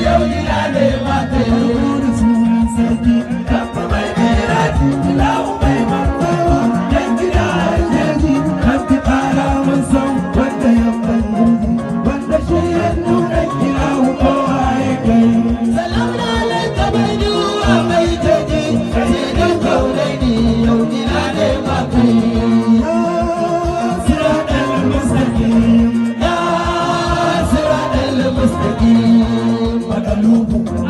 yau ina ne mata yau da sunan sarki kan kuma mai rafi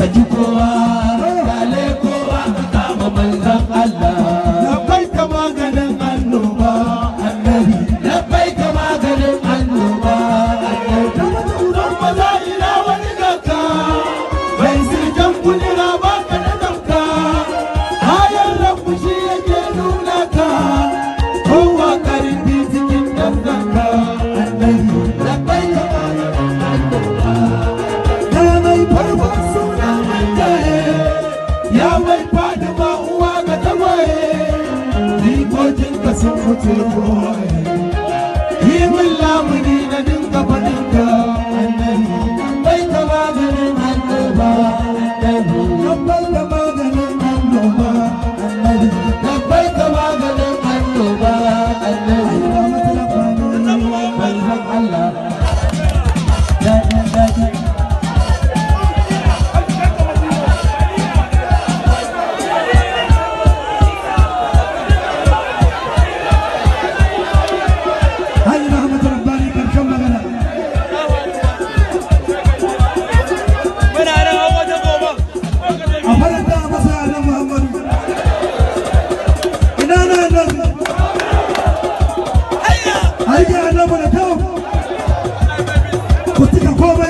Sajukoa. jin ka sun mutu ruwa yi min lamuni na dinka faɗin kutika komai